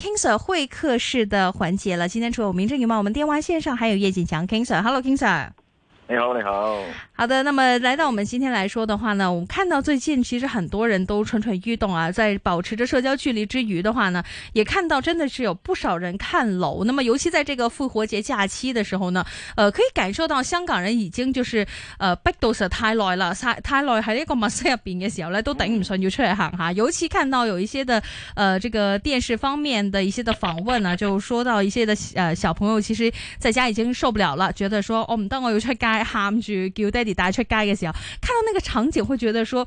King Sir 會客室的環節了，今天除咗我哋名正女王，我們電話線上還有葉錦強 King Sir。Hello，King Sir，你好，你好。好的，那麼來到我們今天來說的話呢，我們看到最近其實很多人都蠢蠢欲動啊，在保持着社交距離之餘的話呢，也看到真的是有不少人看樓。那麼尤其在這個復活節假期的時候呢，呃，可以感受到香港人已經就是，呃，迫到實在太耐了，太太耐喺呢個密室入邊嘅時候呢，都頂唔順要出嚟行吓。尤其看到有一些的，呃，這個電視方面的一些的訪問啊，就說到一些的，呃，小朋友其實在家已經受不了了，覺得說，哦、oh,，唔得，我要出街喊住叫爹哋大家出街嘅時候，看到那個場景會覺得說。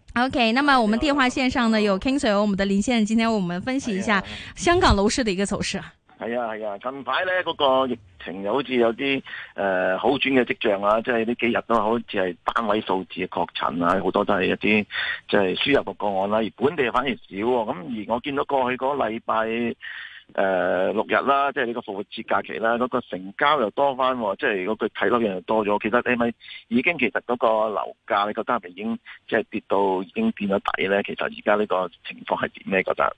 O.K.，那麼我們電話線上呢有 King Sir 和我們的連線，今天我們分析一下香港樓市的一個走勢。係啊係啊，近排呢，嗰個疫情又好似有啲誒好轉嘅跡象啊，即係呢幾日都好似係單位數字確診啊，好多都係一啲即係輸入嘅個案啦，而本地反而少。咁而我見到過去嗰個禮拜.。 誒、呃，六日啦，即係呢個復活節假期啦，嗰、那個成交又多翻，哦，即係如果佢睇到嘅人又多咗。其實你咪已經其實嗰個樓價你覺得係咪已經即係跌到已經跌咗底咧。其實而家呢個情況係點咧？覺得？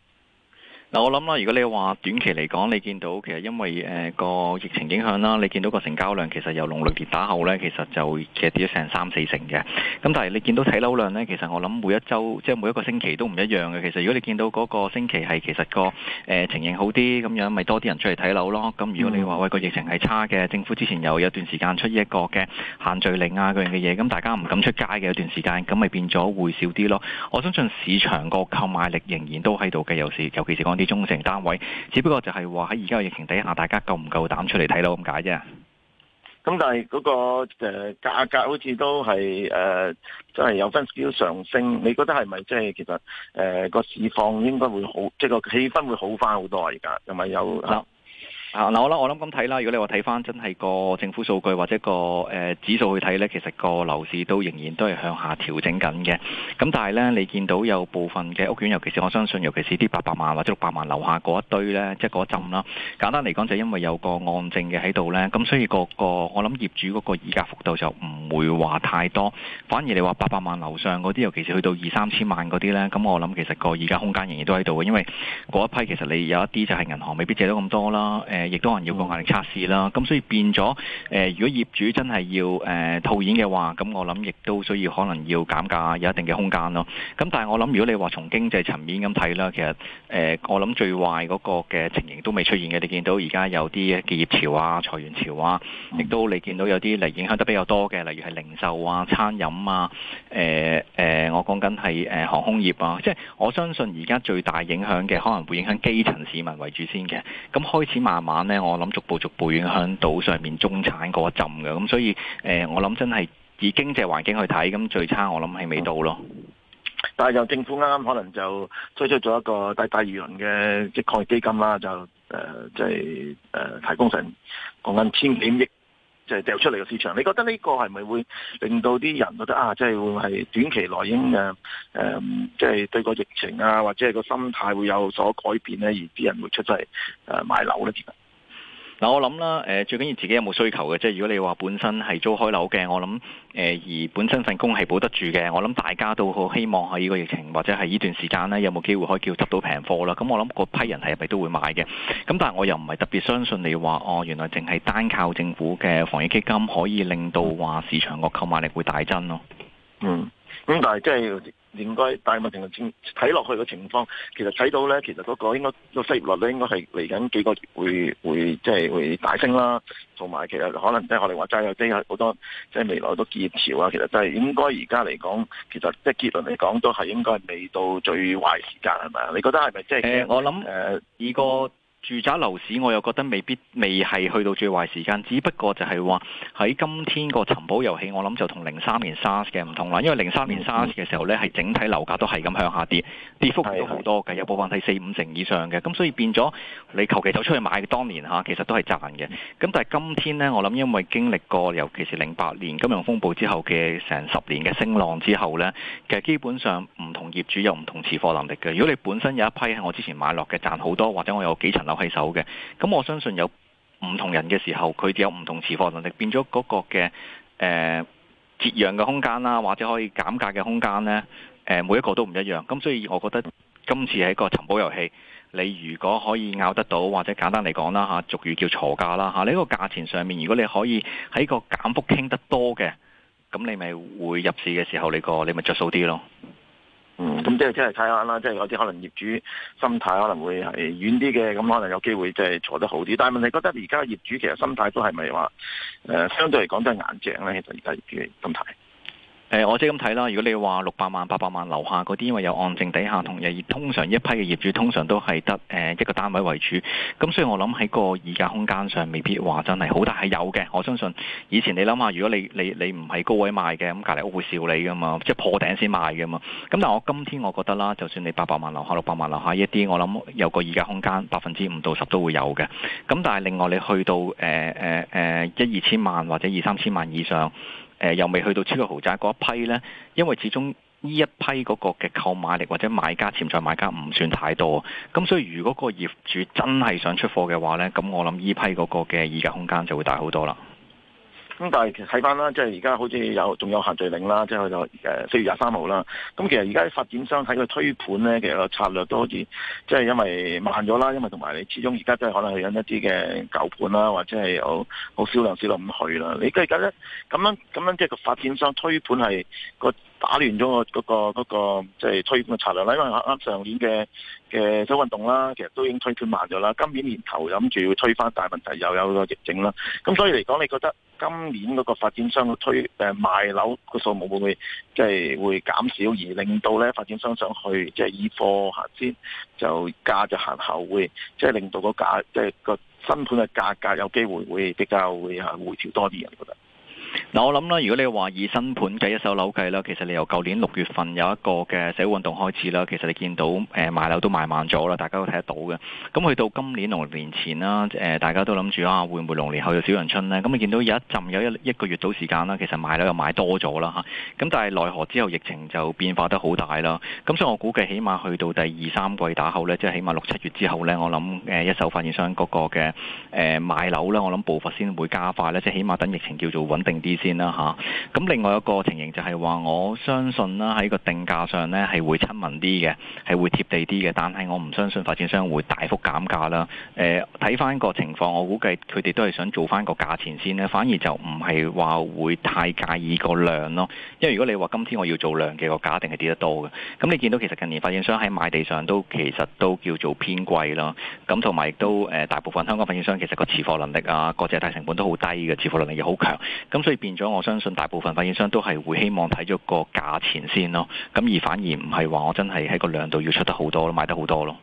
嗱，我諗啦，如果你話短期嚟講，你見到其實因為誒個、呃、疫情影響啦，你見到個成交量其實由龍躍跌打後咧，其實就其實跌咗成三四成嘅。咁但係你見到睇樓量咧，其實我諗每一週即係每一個星期都唔一樣嘅。其實如果你見到嗰個星期係其實個誒、呃、情形好啲咁樣，咪多啲人出嚟睇樓咯。咁如果你話喂，個疫情係差嘅，政府之前又有，有段時間出呢一個嘅限聚令啊嗰樣嘅嘢，咁大家唔敢出街嘅一段時間，咁咪變咗會少啲咯。我相信市場個購買力仍然都喺度嘅，尤其是尤其是講啲，中成單位，只不過就係話喺而家嘅疫情底下，大家夠唔夠膽出嚟睇到咁解啫？咁、嗯、但係嗰、那個誒價、呃、格，格好似都係誒，即、呃、係有分少少上升。你覺得係咪即係其實誒個、呃、市況應該會好，即係個氣氛會好返好多啊？而家又咪有？No. 嗱、啊、我諗我諗咁睇啦。如果你話睇翻真係個政府數據或者個誒、呃、指數去睇呢，其實個樓市都仍然都係向下調整緊嘅。咁但係呢，你見到有部分嘅屋苑，尤其是我相信，尤其是啲八百萬或者六百萬樓下嗰一堆呢，即係嗰一浸啦。簡單嚟講就因為有個按證嘅喺度呢。咁所以、那個個我諗業主嗰個議價幅度就唔會話太多。反而你話八百萬樓上嗰啲，尤其是去到二三千萬嗰啲呢。咁我諗其實個議價空間仍然都喺度嘅，因為嗰一批其實你有一啲就係銀行未必借到咁多啦，呃亦、嗯、都可能要個壓力測試啦，咁所以變咗，誒、呃，如果業主真係要誒套、呃、現嘅話，咁我諗亦都需要可能要減價有一定嘅空間咯。咁但係我諗如果你話從經濟層面咁睇啦，其實誒、呃，我諗最壞嗰個嘅情形都未出現嘅。你見到而家有啲嘅企業潮啊、裁員潮啊，亦都你見到有啲嚟影響得比較多嘅，例如係零售啊、餐飲啊，誒、呃、誒我講緊係誒航空業啊。即係我相信而家最大影響嘅，可能會影響基層市民為主先嘅。咁開始慢慢。咧，我諗逐步逐步影響到上面中產嗰一浸嘅，咁所以誒、呃，我諗真係以經濟環境去睇，咁最差我諗係未到咯。嗯、但係由政府啱啱可能就推出咗一個第第二輪嘅即抗疫基金啦，就誒即係誒提供成講緊千幾億，就掉出嚟嘅市場。你覺得呢個係咪會令到啲人覺得啊，即、就、係、是、會係短期內應誒誒即係對個疫情啊，或者係個心態會有所改變咧，而啲人會出嚟誒買樓咧？嗱，我諗啦，誒、呃、最緊要自己有冇需求嘅，即係如果你話本身係租開樓嘅，我諗誒、呃、而本身份工係保得住嘅，我諗大家都好希望喺呢個疫情或者係呢段時間呢，有冇機會可以叫執到平貨啦。咁我諗嗰批人係咪都會買嘅？咁但係我又唔係特別相信你話哦，原來淨係單靠政府嘅防疫基金可以令到話市場個購買力會大增咯、哦。嗯。咁、嗯、但係即係應該大問題情況，睇落去嘅情況，其實睇到咧，其實嗰個應該、嗰個失業率咧，應該係嚟緊幾個月會會即係、就是、會大升啦。同埋其實可能即係我哋話齋有低有好多，即、就、係、是、未來好多結業潮啊。其實真係應該而家嚟講，其實即係結論嚟講，都係應該係未到最壞時間，係咪啊？你覺得係咪即係？誒、呃，我諗誒，二、呃、個。住宅樓市我又覺得未必未係去到最壞時間，只不過就係話喺今天個尋寶遊戲，我諗就同零三年 SARS 嘅唔同啦。因為零三年 SARS 嘅時候呢，係整體樓價都係咁向下跌，跌幅都好多嘅，有部分係四五成以上嘅。咁所以變咗你求其走出去買嘅當年吓，其實都係賺嘅。咁但係今天呢，我諗因為經歷過尤其是零八年金融風暴之後嘅成十年嘅升浪之後呢，其實基本上唔同業主有唔同持貨能力嘅。如果你本身有一批係我之前買落嘅賺好多，或者我有幾層樓。係手嘅，咁我相信有唔同人嘅時候，佢哋有唔同持貨能力，變咗嗰個嘅誒折讓嘅空間啦，或者可以減價嘅空間呢。誒每一個都唔一樣。咁所以我覺得今次係一個尋寶遊戲，你如果可以咬得到，或者簡單嚟講啦吓，俗語叫鋤價啦吓，呢個價錢上面，如果你可以喺個減幅傾得多嘅，咁你咪會入市嘅時候，你個你咪着數啲咯。嗯，咁、嗯嗯、即係即係睇下啦，即係有啲可能業主心態可能會係軟啲嘅，咁可能有機會即係坐得好啲。但係問你覺得而家業主其實心態都係咪話，誒、呃、相對嚟講都係硬淨咧？其實而家業主嘅心態。誒、呃，我即係咁睇啦。如果你話六百萬、八百萬樓下嗰啲，因為有按證底下同日，業，通常一批嘅業主通常都係得誒、呃、一個單位為主。咁所以我諗喺個議價空間上，未必話真係好大，係有嘅。我相信以前你諗下，如果你你你唔係高位賣嘅，咁隔離屋會笑你噶嘛，即係破頂先賣噶嘛。咁但係我今天我覺得啦，就算你八百萬樓下、六百萬樓下一啲，我諗有個議價空間百分之五到十都會有嘅。咁但係另外你去到誒誒誒一二千萬或者二三千萬以上。誒、呃、又未去到超過豪宅嗰一批呢，因為始終呢一批嗰個嘅購買力或者買家，潛在買家唔算太多，咁所以如果個業主真係想出貨嘅話呢，咁我諗呢批嗰個嘅議價空間就會大好多啦。咁但係睇翻啦，即係而家好似有仲有限聚令啦，即係就誒四月廿三號啦。咁其實而家發展商喺個推盤咧，其實個策略都好似即係因為慢咗啦，因為同埋你始終而家真係可能有一啲嘅舊盤啦，或者係有好少量少量唔去啦。你而家咧咁樣咁樣即係個發展商推盤係個。打亂咗我嗰個、那個即係、那個、推嘅策略啦，因為啱啱上年嘅嘅修運動啦，其實都已經推盤慢咗啦。今年年頭又諗住要推翻，但係問題又有個疫情啦。咁所以嚟講，你覺得今年嗰個發展商嘅推誒、呃、賣樓個數目會唔會即係、就是、會減少，而令到咧發展商想去即係以貨行先，就價就行後會即係、就是、令到個價即係個新盤嘅價格有機會會比較會啊回調多啲啊？你覺得？嗱，我諗咧，如果你話以新盤計一手樓計咧，其實你由舊年六月份有一個嘅社會運動開始啦，其實你見到誒、呃、買樓都買慢咗啦，大家都睇得到嘅。咁去到今年龍年前啦，誒、呃、大家都諗住啊，會唔會龍年後有小陽春呢？咁你見到有一陣有一一個月到時間啦，其實買樓又買多咗啦嚇。咁、啊、但係奈何之後疫情就變化得好大啦。咁所以我估計起碼去到第二三季打後呢，即係起碼六七月之後呢，我諗誒、呃、一手發展商嗰個嘅誒、呃、買樓咧，我諗步伐先會加快呢，即係起碼等疫情叫做穩定啲。先啦嚇，咁另外一個情形就係話，我相信啦，喺個定價上呢係會親民啲嘅，係會貼地啲嘅，但係我唔相信發展商會大幅減價啦。誒、呃，睇翻個情況，我估計佢哋都係想做翻個價錢先咧，反而就唔係話會太介意個量咯。因為如果你話今天我要做量嘅，嗰個價一定係跌得多嘅。咁你見到其實近年發展商喺買地上都其實都叫做偏貴咯。咁同埋亦都誒、呃、大部分香港發展商其實個持貨能力啊、個借貸成本都好低嘅，持貨能力亦好強。咁所以變。咁我相信大部分發展商都係會希望睇咗個價錢先咯，咁而反而唔係話我真係喺個量度要出得好多，多咯，賣得好多咯。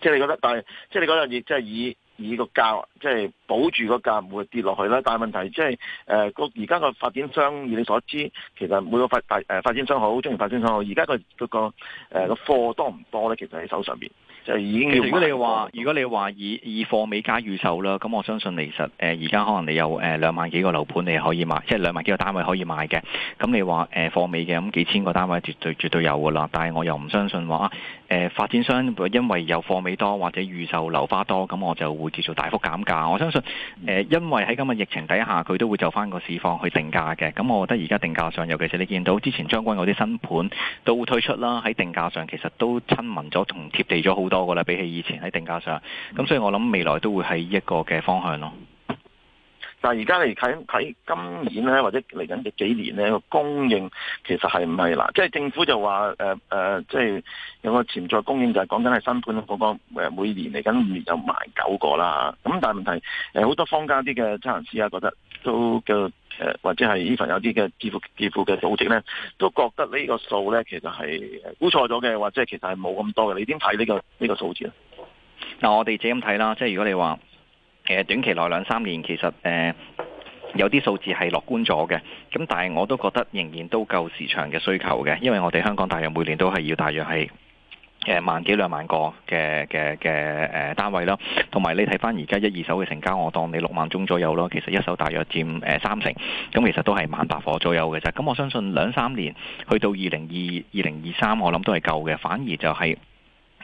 即係你覺得，但係即係你講緊以即係以以個價，即係保住個價唔會跌落去啦。但係問題即係誒個而家個發展商，以你所知，其實每個發大誒、呃、發展商好，中型發展商好，而家個嗰個誒個貨多唔多咧？其實喺手上邊。其實如果你話如果你話以以貨尾加預售啦，咁我相信其實誒而家可能你有誒、呃、兩萬幾個樓盤你可以買，即係兩萬幾個單位可以買嘅。咁你話誒、呃、貨尾嘅咁幾千個單位絕，絕對絕對有噶啦。但係我又唔相信話誒、呃、發展商因為有貨尾多或者預售樓花多，咁我就會叫做大幅減價。我相信誒、呃、因為喺今日疫情底下，佢都會就翻個市況去定價嘅。咁我覺得而家定價上，尤其是你見到之前將軍嗰啲新盤都推出啦，喺定價上其實都親民咗同貼地咗好多。多噶啦，比起以前喺定價上，咁所以我諗未來都會係一個嘅方向咯。但係而家嚟睇睇今年咧，或者嚟緊嘅幾年咧，個供應其實係唔係啦？即係政府就話誒誒，即係有個潛在供應就，就係講緊係新盤嗰個每年嚟緊五年就賣九個啦。咁、嗯、但係問題誒，好、呃、多坊間啲嘅測量師啊，覺得都個誒、呃、或者係 even 有啲嘅支付支付嘅組織咧，都覺得呢個數咧其實係估錯咗嘅，或者其實係冇咁多嘅。你點睇呢個呢、呢個數字啊？嗱、呃，我哋咁睇啦，即係如果你話。誒短期內兩三年其實誒、呃、有啲數字係樂觀咗嘅，咁但係我都覺得仍然都夠市場嘅需求嘅，因為我哋香港大約每年都係要大約係誒、呃、萬幾兩萬個嘅嘅嘅誒單位啦，同埋你睇返而家一二手嘅成交，我當你六萬宗左右咯，其實一手大約佔誒三成，咁、嗯、其實都係萬八夥左右嘅啫，咁我相信兩三年去到二零二二零二三，我諗都係夠嘅，反而就係、是。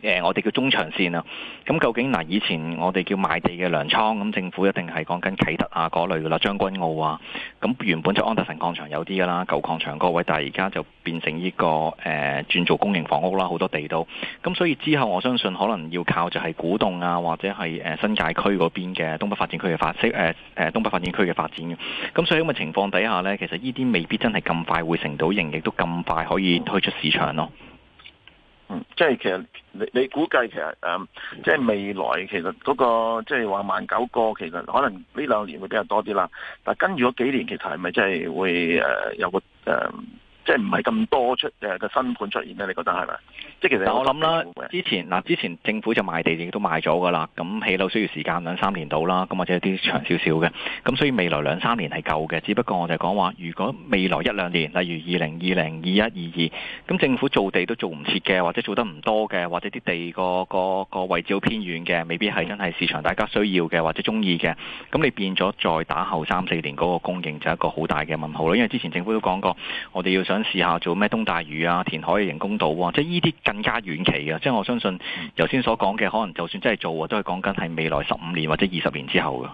誒、呃，我哋叫中長線啊。咁、嗯、究竟嗱，以前我哋叫賣地嘅糧倉咁，政府一定係講緊啟德啊嗰類噶啦，將軍澳啊。咁、嗯、原本就安達臣礦場有啲噶啦，舊礦場嗰位，但係而家就變成呢、這個誒轉、呃、做公營房屋啦，好多地都。咁、嗯、所以之後我相信可能要靠就係古洞啊，或者係誒、呃、新界區嗰邊嘅東北發展區嘅發息誒誒東北發展區嘅發展。咁、嗯、所以咁嘅情況底下呢，其實呢啲未必真係咁快會成到型，亦都咁快可以推出市場咯。嗯，即係其實你你估計，其實誒、嗯，即係未來其實嗰個即係話萬九個，就是、個其實可能呢兩年會比較多啲啦，但跟住嗰幾年其實係咪真係會誒、呃、有個誒。呃即係唔係咁多出嘅個、啊、新盤出現咧？你覺得係咪？即係其實我諗啦，之前嗱，之前政府就賣地亦都都賣咗㗎啦。咁起樓需要時間兩三年到啦。咁或者啲長少少嘅。咁所以未來兩三年係夠嘅。只不過我就講話，如果未來一兩年，例如二零二零、二一、二二，咁政府造地都造唔切嘅，或者做得唔多嘅，或者啲地個個個位置好偏遠嘅，未必係真係市場大家需要嘅或者中意嘅。咁你變咗再打後三四年嗰、那個供應就係一個好大嘅問號囉。因為之前政府都講過，我哋要想。試下做咩東大嶼啊、填海嘅人工島即係呢啲更加遠期嘅。即係我相信，頭先所講嘅，可能就算真係做，都係講緊係未來十五年或者二十年之後嘅。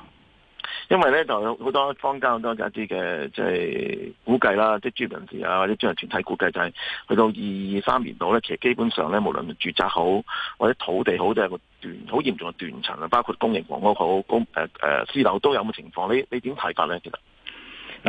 因為咧就有好多坊間好多一啲嘅即係估計啦，即係專業人士啊或者專業團體估計就係、是、去到二三年度咧，其實基本上咧無論住宅好或者土地好，都係個斷好嚴重嘅斷層啊，包括公營房屋好、公誒誒、呃呃、私樓都有咁嘅情況。你你點睇法咧？其實？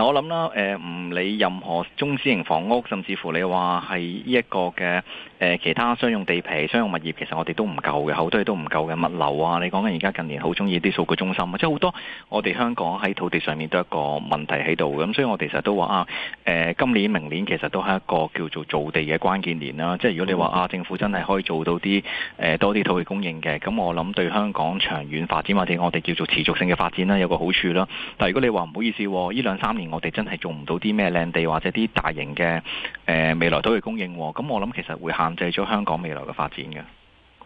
我諗啦，誒、呃、唔理任何中小型房屋，甚至乎你話係呢一個嘅誒、呃、其他商用地皮、商用物業，其實我哋都唔夠嘅，好多嘢都唔夠嘅。物流啊，你講緊而家近年好中意啲數據中心啊，即係好多我哋香港喺土地上面都有一個問題喺度。咁所以我哋其實都話啊，誒、呃、今年、明年其實都係一個叫做造地嘅關鍵年啦。即係如果你話啊，政府真係可以做到啲誒、呃、多啲土地供應嘅，咁我諗對香港長遠發展或者我哋叫做持續性嘅發展啦，有個好處啦。但係如果你話唔好意思，呢兩三年，我哋真係做唔到啲咩靚地或者啲大型嘅誒、呃、未來都會供應，啊，咁我諗其實會限制咗香港未來嘅發展嘅。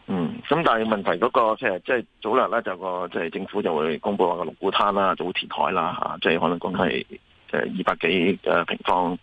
嗯，咁但係問題嗰、那個即係即係早兩日咧就個即係政府就會公布個龍鼓灘啦、早填海啦嚇，即係、啊就是、可能公係即二百幾嘅平方，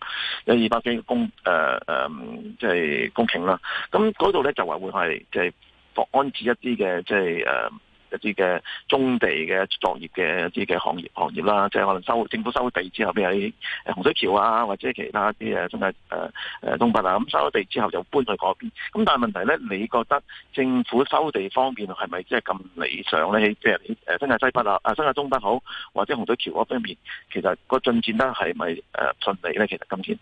有二百幾公誒誒，即係公頃啦。咁嗰度咧就話、是啊、會係即係安置一啲嘅即係誒。就是呃一啲嘅中地嘅作業嘅一啲嘅行業行業啦，即係可能收政府收地之後，譬如喺洪水橋啊，或者其他啲嘅新界誒誒東北啊，咁收咗地之後就搬去嗰邊。咁但係問題咧，你覺得政府收地方面係咪即係咁理想咧？即係喺新界西北啊，啊新界東北好，或者洪水橋嗰方面，其實個進展得係咪誒順利咧？其實今天。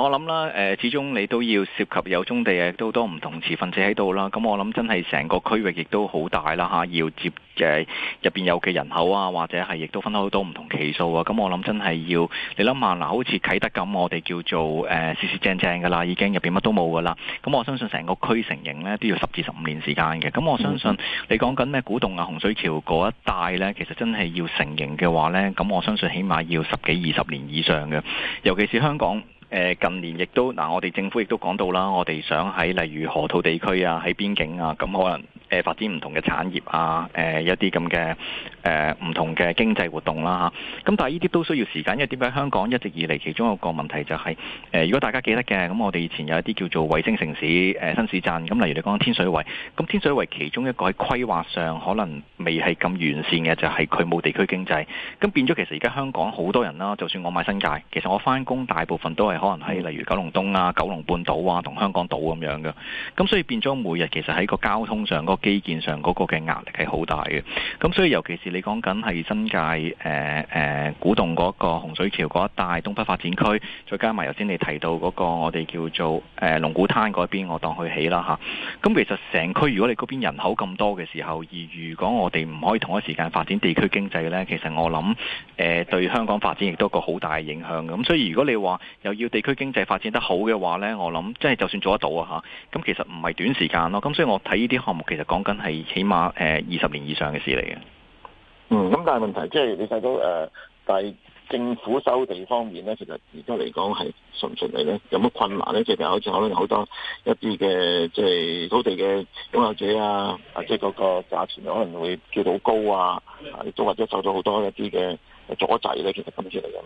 我諗啦，誒，始終你都要涉及有宗地啊，都多唔同持份者喺度啦。咁我諗真係成個區域亦都好大啦，嚇，要接入邊有嘅人口啊，或者係亦都分好多唔同期數啊。咁我諗真係要你諗下嗱，好似啟德咁，我哋叫做誒，呃、四四正正」㗎喇，已經入面乜都冇㗎喇。咁我相信成個區成形呢都要十至十五年時間嘅。咁我相信你講緊咩古洞啊、洪水橋嗰一帶呢，其實真係要成形嘅話呢。咁我相信起碼要十幾二十年以上嘅，尤其是香港。誒近年亦都嗱，啊，我哋政府亦都講到啦，我哋想喺例如河套地區啊，喺邊境啊，咁可能。誒發展唔同嘅產業啊，誒、呃、一啲咁嘅誒唔同嘅經濟活動啦嚇。咁、啊、但係呢啲都需要時間，因為點解香港一直以嚟其中一個問題就係、是、誒、呃，如果大家記得嘅，咁我哋以前有一啲叫做衛星城市誒、呃、新市鎮，咁、嗯、例如你講天水圍，咁、嗯、天水圍其中一個喺規劃上可能未係咁完善嘅，就係佢冇地區經濟，咁、嗯、變咗其實而家香港好多人啦，就算我買新界，其實我翻工大部分都係可能喺例如九龍東啊、九龍半島啊同香港島咁樣嘅，咁、嗯、所以變咗每日其實喺個交通上個。基建上嗰個嘅壓力係好大嘅，咁所以尤其是你講緊係新界誒誒、呃呃、古洞嗰個洪水橋嗰一帶東北發展區，再加埋頭先你提到嗰個我哋叫做誒龍鼓灘嗰邊，我當佢起啦吓，咁、啊、其實成區如果你嗰邊人口咁多嘅時候，而如果我哋唔可以同一時間發展地區經濟咧，其實我諗誒、呃、對香港發展亦都一個好大影響。咁所以如果你話又要地區經濟發展得好嘅話咧，我諗即係就算做得到啊吓，咁其實唔係短時間咯。咁、啊、所以我睇呢啲項目其實。講緊係起碼誒二十年以上嘅事嚟嘅。嗯，咁但係問題即係、就是、你睇到誒、呃，但係政府收地方面咧，其實而家嚟講係順唔順利咧？有乜困難咧？即係、嗯、好似可能有好多一啲嘅即係土地嘅擁有者啊，啊即係嗰個價錢可能會叫到高啊，亦都或者受咗好多一啲嘅阻滯咧。其實今次嚟講。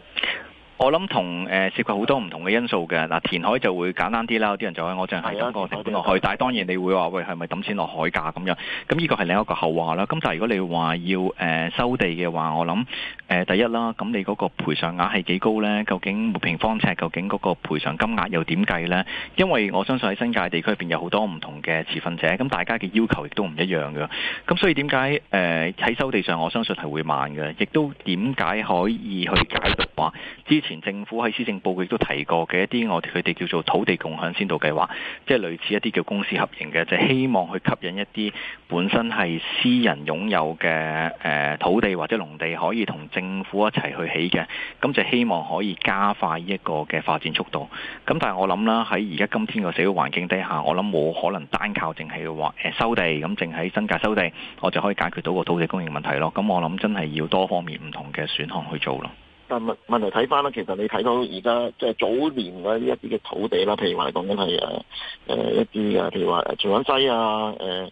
我諗同誒涉及好多唔同嘅因素嘅嗱、呃，填海就會簡單啲啦，有啲人就話我淨係將個成本落去，但係當然你會話喂，係咪抌錢落海價咁樣？咁呢個係另一個後話啦。咁但係如果你話要誒、呃、收地嘅話，我諗誒、呃、第一啦，咁你嗰個賠償額係幾高呢？究竟每平方尺究竟嗰個賠償金額又點計呢？因為我相信喺新界地區入邊有好多唔同嘅持份者，咁大家嘅要求亦都唔一樣嘅。咁所以點解誒喺收地上，我相信係會慢嘅，亦都點解可以去解讀話之。前政府喺施政報告都提過嘅一啲，我哋佢哋叫做土地共享先導計劃，即係類似一啲叫公私合營嘅，就係、希望去吸引一啲本身係私人擁有嘅誒、呃、土地或者農地，可以同政府一齊去起嘅，咁、嗯、就希望可以加快一個嘅發展速度。咁、嗯、但係我諗啦，喺而家今天個社會環境底下，我諗冇可能單靠淨係話誒收地，咁淨喺新界收地，我就可以解決到個土地供應問題咯。咁、嗯、我諗真係要多方面唔同嘅選項去做咯。但問問題睇翻啦，其實你睇到而家即係早年嗰啲一啲嘅土地啦，譬如話講緊係誒誒一啲嘅，譬如話荃灣西、呃呃、啊、誒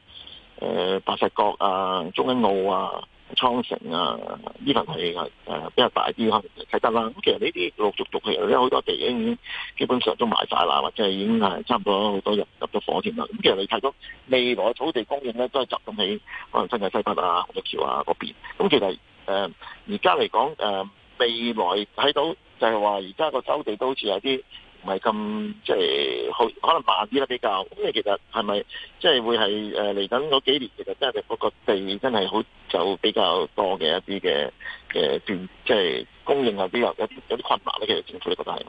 誒白石角啊、中欣澳啊、倉城啊，呢份係誒比較大啲咯，睇得啦。咁其實呢啲陸續陸氣，因為好多地已經基本上都賣晒啦，或者係已經係差唔多好多人入咗伙添啦。咁其實你睇到未來嘅土地供應咧，都係集中喺可能新界西北啊、洪水橋啊嗰邊。咁其實誒而家嚟講誒。呃未來睇到就係話，而家個收地都好似有啲唔係咁即係好，可能慢啲啦比較。咁你其實係咪即係會係誒嚟緊嗰幾年，其實真係嗰個地真係好就比較多嘅一啲嘅誒段，即係、就是、供應啊比較有啲有啲困難咧。其實政府你覺得係？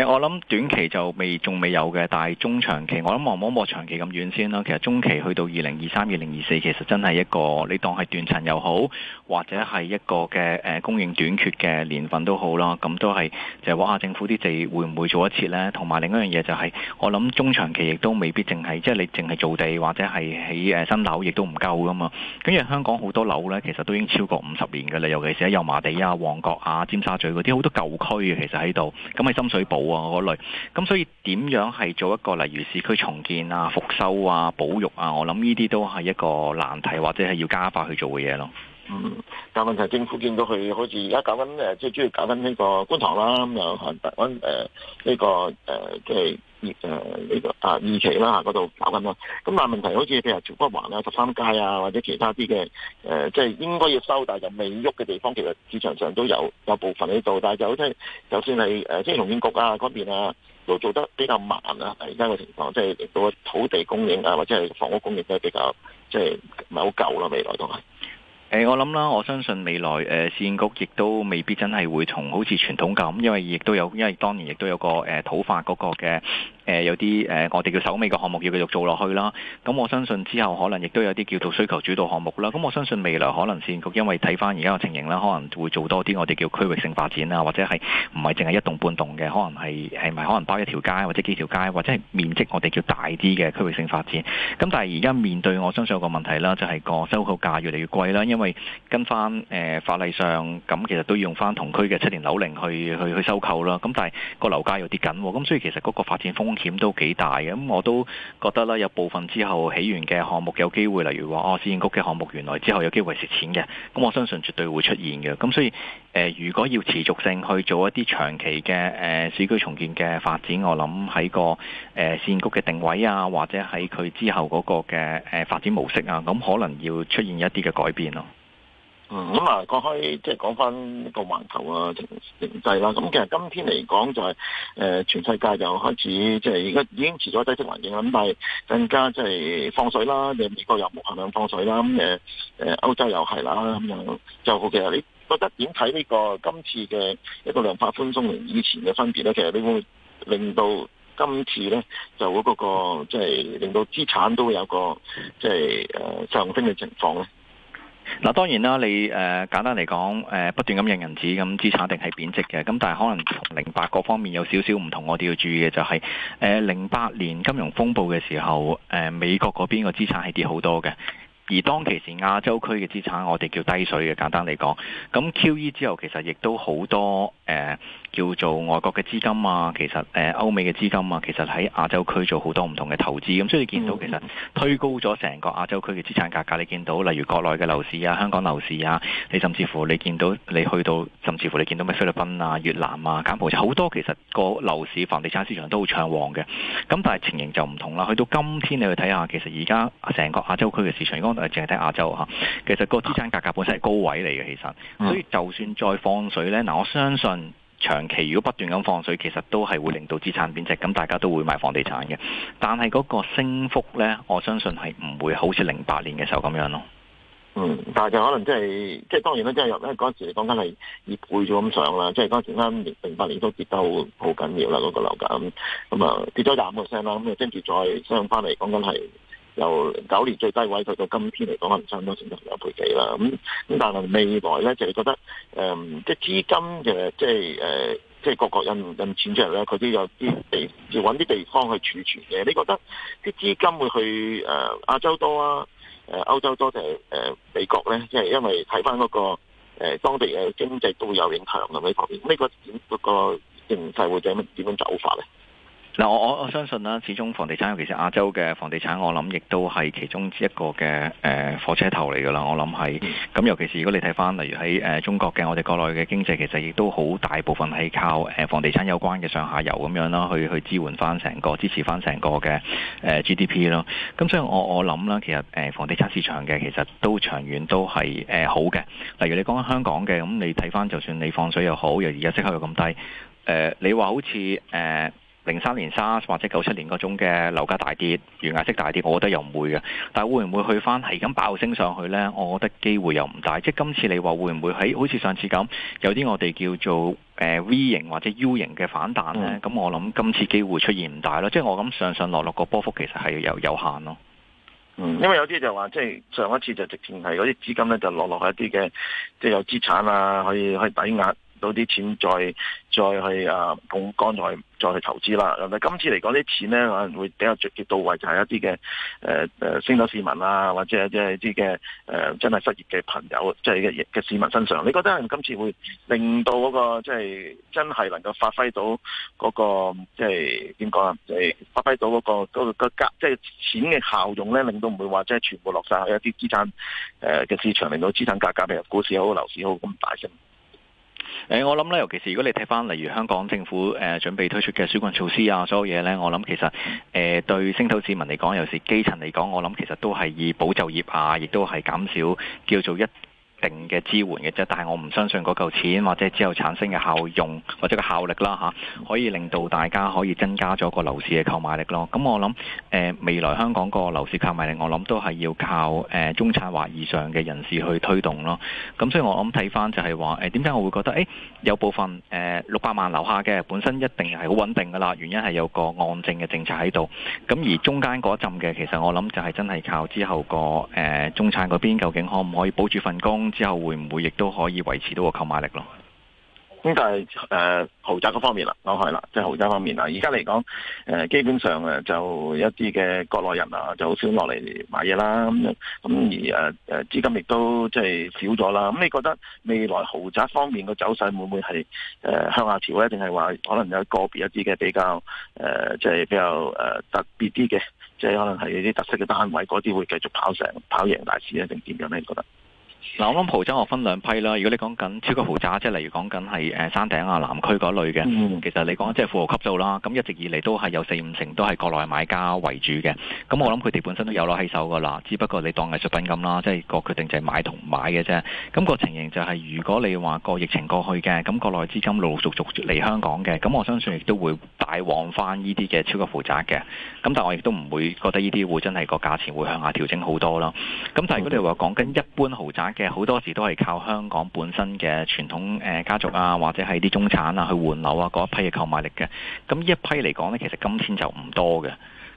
我諗短期就未仲未有嘅，但係中長期，我諗望冇冇長期咁遠先啦。其實中期去到二零二三、二零二四，其實真係一個你當係斷層又好，或者係一個嘅誒供應短缺嘅年份好都好啦。咁都係就係望下政府啲地會唔會做得切呢？同埋另一樣嘢就係、是，我諗中長期亦都未必淨係即係你淨係做地，或者係起誒新樓，亦都唔夠噶嘛。跟住香港好多樓呢，其實都已經超過五十年㗎啦，尤其是喺油麻地啊、旺角啊、尖沙咀嗰啲好多舊區其實喺度。咁喺深水埗。冇啊嗰類，咁 所以點樣係做一個，例如市區重建啊、復修啊、保育啊，我諗呢啲都係一個難題，或者係要加快去做嘅嘢咯。嗯，但問題政府見到佢好似而家搞緊誒，即、呃、係主要搞緊呢個觀塘啦，咁有同埋搞緊誒呢個誒即係二呢個啊二期啦嗰度搞緊咯，咁但問題好似譬如荃北環啊、十三街啊，或者其他啲嘅誒，即、呃、係、就是、應該要收但就未喐嘅地方，其實市場上都有有部分喺度。但係就好似、就是、就算係誒，即係重建局啊嗰邊啊，做做得比較慢啊，而家個情況即係嗰個土地供應啊，或者係房屋供應都、啊、係比較即係唔係好夠啦，未來都係。誒，我諗啦，我相信未來誒，市建局亦都未必真係會從好似傳統咁，因為亦都有，因為當年亦都有個誒、呃、土法嗰個嘅。誒、呃、有啲誒、呃，我哋叫首尾嘅項目要繼續做落去啦。咁我相信之後可能亦都有啲叫做需求主導項目啦。咁我相信未來可能市建局因為睇翻而家嘅情形啦，可能會做多啲我哋叫區域性發展啦，或者係唔係淨係一棟半棟嘅？可能係係咪可能包一條街或者幾條街，或者係面積我哋叫大啲嘅區域性發展。咁但係而家面對我相信有個問題啦，就係、是、個收購價越嚟越貴啦，因為跟翻誒、呃、法例上咁，其實都要用翻同區嘅七年樓齡去去去收購啦。咁但係個樓價又跌緊，咁所以其實嗰個發展風風險都幾大嘅，咁我都覺得啦，有部分之後起完嘅項目有機會，例如話哦，市建局嘅項目原來之後有機會蝕錢嘅，咁我相信絕對會出現嘅。咁所以，誒、呃，如果要持續性去做一啲長期嘅誒、呃，市區重建嘅發展，我諗喺個誒，市建局嘅定位啊，或者喺佢之後嗰個嘅誒，發展模式啊，咁可能要出現一啲嘅改變咯。嗯，咁啊，講開即係講翻個環球啊定情勢啦。咁其實今天嚟講就係、是、誒、呃、全世界就開始即係而家已經持咗低息環境啦。咁但係更加即係放水啦，你美國又無限量放水啦。咁誒誒歐洲又係啦。咁、嗯、又就其實你覺得點睇呢個今次嘅一個量化寬鬆同以前嘅分別咧？其實你會，會令到今次咧就會嗰、那個即係、就是、令到資產都會有個即係誒上升嘅情況咧。嗱，當然啦，你誒、呃、簡單嚟講，誒、呃、不斷咁印銀紙，咁資產一定係貶值嘅。咁但係可能同零八個方面有少少唔同，我哋要注意嘅就係誒零八年金融風暴嘅時候，誒、呃、美國嗰邊個資產係跌好多嘅。而當其時亞洲區嘅資產，我哋叫低水嘅簡單嚟講。咁 QE 之後其實亦都好多誒、呃、叫做外國嘅資金啊，其實誒歐、呃、美嘅資金啊，其實喺亞洲區做好多唔同嘅投資。咁所以你見到其實推高咗成個亞洲區嘅資產價格,格。你見到例如國內嘅樓市啊、香港樓市啊，你甚至乎你見到你去到甚至乎你見到咩菲律賓啊、越南啊、柬埔寨好多其實個樓市、房地產市場都好暢旺嘅。咁但係情形就唔同啦。去到今天你去睇下，其實而家成個亞洲區嘅市場。淨係睇亞洲嚇，其實個資產價格本身係高位嚟嘅，其實，所以就算再放水咧，嗱、嗯，我相信長期如果不斷咁放水，其實都係會令到資產貶值，咁大家都會買房地產嘅。但係嗰個升幅咧，我相信係唔會好似零八年嘅時候咁樣咯。嗯，但係就可能、就是、即係即係當然啦，即、就、係、是、入咧嗰時嚟講緊係熱背咗咁上啦，即係嗰陣時啱零八年都跌得好好緊要啦，嗰、那個樓價咁咁啊跌咗廿個 percent 啦，咁跟住再上翻嚟，講緊係。由九年最低位去到今天嚟講，可能差唔多成咗兩倍幾啦。咁咁但係未來咧，就係覺得誒、嗯，即係資金嘅，即係誒、呃，即係各國印印錢出嚟咧，佢都有啲地要揾啲地方去儲存嘅。你覺得啲資金會去誒、呃、亞洲多啊？誒、呃、歐洲多定係誒美國咧？即係因為睇翻嗰個誒、呃、當地嘅經濟都會有影響嘅呢方面。咁呢個嗰個形勢會點樣點樣走法咧？嗱，我我相信啦，始終房地產其實亞洲嘅房地產，我諗亦都係其中之一個嘅誒、呃、火車頭嚟㗎啦。我諗係咁，嗯、尤其是如果你睇翻，例如喺誒、呃、中國嘅我哋國內嘅經濟，其實亦都好大部分係靠誒、呃、房地產有關嘅上下游咁樣啦，去去支援翻成個支持翻成個嘅誒、呃、GDP 咯。咁、呃、所以我我諗啦，其實誒、呃、房地產市場嘅其實都長遠都係誒、呃、好嘅。例如你講香港嘅，咁你睇翻，就算你放水又好，又而家息口又咁低，誒、呃呃、你話好似誒。呃呃呃零三年沙士或者九七年嗰種嘅樓價大跌、懸崖式大跌，我覺得又唔會嘅。但係會唔會去翻係咁爆升上去呢？我覺得機會又唔大。即係今次你話會唔會喺好似上次咁，有啲我哋叫做誒、呃、V 型或者 U 型嘅反彈呢？咁、嗯、我諗今次機會出現唔大咯。即係我諗上上落落個波幅其實係有有限咯。嗯，因為有啲就話即係上一次就直情係嗰啲資金咧就落落去一啲嘅即係有資產啊可以可以抵押。到啲錢再再去啊，放幹在再去投資啦。但係今次嚟講啲錢咧，可能會比較直接到位，就係一啲嘅誒誒，升樓市民啊，或者即係啲嘅誒，真係失業嘅朋友，即係嘅市民身上。你覺得今次會令到嗰個即係真係能夠發揮到嗰個即係點講啊？即係發揮到嗰個嗰個即係錢嘅效用咧，令到唔會話即係全部落晒去一啲資產誒嘅市場，令到資產價格，譬如股市好、樓市好咁大升。誒、呃，我諗咧，尤其是如果你睇返例如香港政府誒、呃、準備推出嘅紓困措施啊，所有嘢咧，我諗其實誒、呃、對升斗市民嚟講，尤其是基層嚟講，我諗其實都係以保就業啊，亦都係減少叫做一定嘅支援嘅啫，但係我唔相信嗰嚿錢或者之後產生嘅效用或者個效力啦吓、啊，可以令到大家可以增加咗個樓市嘅購買力咯。咁、啊、我諗誒、呃、未來香港個樓市購買力，我諗都係要靠誒、呃、中產或以上嘅人士去推動咯。咁、啊、所以我諗睇翻就係話誒點解我會覺得誒、欸、有部分誒六百萬樓下嘅本身一定係好穩定噶啦，原因係有個按證嘅政策喺度。咁而中間嗰一陣嘅其實我諗就係真係靠之後個誒、呃、中產嗰邊究竟可唔可以保住份工？之後會唔會亦都可以維持到個購買力咯？咁、嗯、但係誒、呃、豪宅嗰方面啦，咁係啦，即係豪宅方面啦。而家嚟講，誒、呃、基本上誒就一啲嘅國內人啊就好少落嚟買嘢啦。咁、嗯、咁、嗯、而誒誒資金亦都即係、就是、少咗啦。咁、嗯、你覺得未來豪宅方面嘅走勢會唔會係誒、呃、向下調咧？定係話可能有個別一啲嘅比較誒即係比較誒、呃、特別啲嘅，即、就、係、是、可能係啲特色嘅單位嗰啲會繼續跑成跑贏大市咧？定點樣咧？你覺得？嗱，我諗豪宅我分兩批啦。如果你講緊超級豪宅，即係例如講緊係誒山頂啊、南區嗰類嘅，其實你講即係富豪級數啦。咁一直以嚟都係有四五成都係國內買家為主嘅。咁我諗佢哋本身都有攞喺手㗎喇，只不過你當藝術品咁啦，即係個決定就係買同唔買嘅啫。咁個情形就係如果你話個疫情過去嘅，咁國內資金陸陸續續嚟香港嘅，咁我相信亦都會帶旺翻呢啲嘅超級豪宅嘅。咁但係我亦都唔會覺得呢啲會真係個價錢會向下調整好多咯。咁但係如果你話講緊一般豪宅，嘅好多時都係靠香港本身嘅傳統誒家族啊，或者係啲中產啊去換樓啊嗰一批嘅購買力嘅。咁呢一批嚟講呢，其實今天就唔多嘅。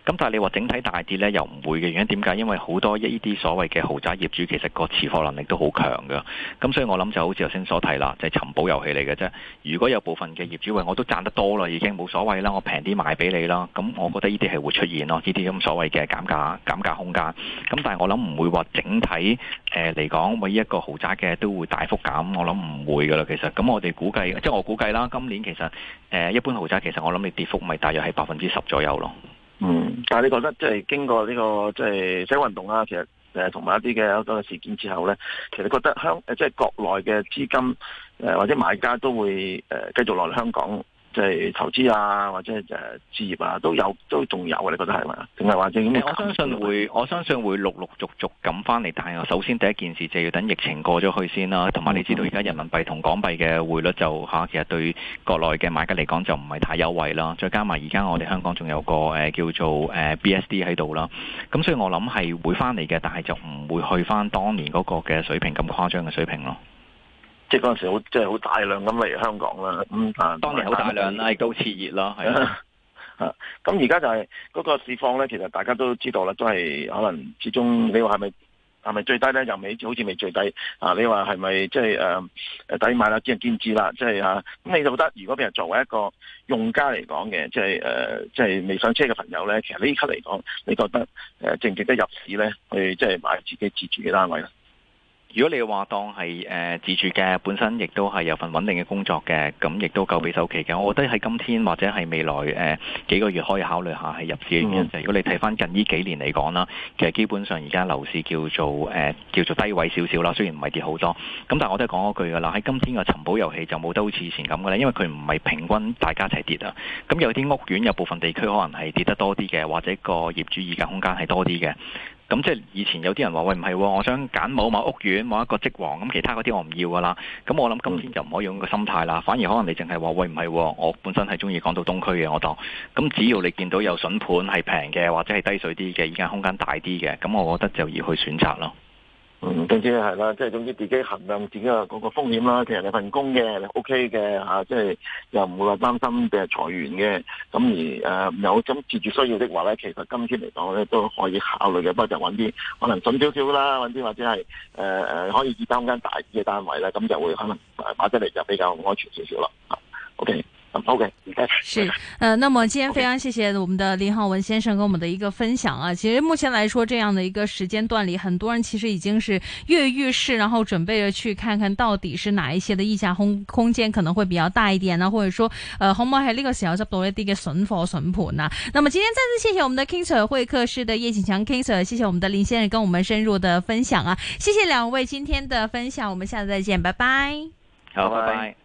咁但係你話整體大跌呢，又唔會嘅原因點解？因為好多呢啲所謂嘅豪宅業主其實個持貨能力都好強㗎，咁所以我諗就好似頭先所提啦，就係、是、尋寶遊戲嚟嘅啫。如果有部分嘅業主話我都賺得多啦，已經冇所謂啦，我平啲賣俾你啦，咁我覺得呢啲係會出現咯，呢啲咁所謂嘅減價、減價空間。咁但係我諗唔會話整體嚟講每一個豪宅嘅都會大幅減，我諗唔會噶啦。其實咁我哋估計即係我估計啦，今年其實、呃、一般豪宅其實我諗你跌幅咪大約係百分之十左右咯。嗯，但係你覺得即係經過呢個即係社運動啦、啊，其實誒同埋一啲嘅好多嘅事件之後咧，其實覺得香誒即係國內嘅資金誒或者買家都會誒繼續落嚟香港。即係投資啊，或者誒置業啊，都有，都仲有嘅、啊，你覺得係咪？定係話正我相信會，我相信會陸陸續續咁翻嚟，但係首先第一件事就係要等疫情過咗去先啦。同埋你知道而家人民幣同港幣嘅匯率就嚇、啊，其實對國內嘅買家嚟講就唔係太優惠啦。再加埋而家我哋香港仲有個誒、呃、叫做誒、呃、B S D 喺度啦。咁所以我諗係會翻嚟嘅，但係就唔會去翻當年嗰個嘅水平咁誇張嘅水平咯。即係嗰陣時好，即係好大量咁嚟香港啦。咁啊，當年好大量啦，亦、啊、都熾熱啦，係啦。吓、 啊，咁而家就係、是、嗰、那個市況咧。其實大家都知道啦，都係可能始終。你話係咪係咪最低咧？又未好似未最低。啊，你話係咪即係誒誒，抵、就是呃、買啦，只係堅持啦。即係吓。咁、啊、你就覺得，如果譬如作為一個用家嚟講嘅，即係誒，即、呃、係、就是、未上車嘅朋友咧，其實呢刻嚟講，你覺得誒值唔值得入市咧？去即係、就是、買自己自住嘅單位咧？如果你話當係誒、呃、自住嘅，本身亦都係有份穩定嘅工作嘅，咁亦都夠俾首期嘅，我覺得喺今天或者係未來誒、呃、幾個月可以考慮下係入市嘅原因，嗯就係。如果你睇翻近呢幾年嚟講啦，其實基本上而家樓市叫做誒、呃、叫做低位少少啦，雖然唔係跌好多，咁但係我都係講嗰句噶啦，喺今天嘅尋寶遊戲就冇得好似以前咁嘅啦，因為佢唔係平均大家一齊跌啊。咁有啲屋苑有部分地區可能係跌得多啲嘅，或者個業主議價空間係多啲嘅。咁即係以前有啲人話喂，唔係喎，我想揀某，某某屋苑，某一個職王。咁其他嗰啲我唔要噶啦。咁我諗今天就唔可以用個心態啦，反而可能你淨係話喂，唔係喎，我本身係鍾意講到東區嘅我當。咁只要你見到有筍盤係平嘅，或者係低水啲嘅，依家空間大啲嘅，咁我覺得就要去選擇咯。嗯，總之係啦，即係總之自己衡量自己個嗰個風險啦。其實你份工嘅，你 O K 嘅吓，即係又唔會話擔心嘅裁員嘅。咁而誒、呃、有咁、嗯、自住需要的話咧，其實今天嚟講咧都可以考慮嘅。不過就揾啲可能準少少啦，揾啲或者係誒誒可以以翻間大啲嘅單位咧，咁就會可能誒把得嚟就比較安全少少咯。吓，O K。OK，okay。是，呃，那麼今天非常謝謝我們的林浩文先生跟我們的一個分享啊，其實目前來說，這樣的一個時間段裏，很多人其實已經是躍躍欲試，然後準備着去看看到底是哪一些的溢價空空間可能會比較大一點呢，或者說，呃，紅毛還有另一個小波段的一個神佛神普呢。那麼今天再次謝謝我們的 King Sir 會客室的葉景強 King Sir，謝謝我們的林先生跟我們深入的分享啊，謝謝兩位今天的分享，我們下次再見，拜拜，好，拜拜。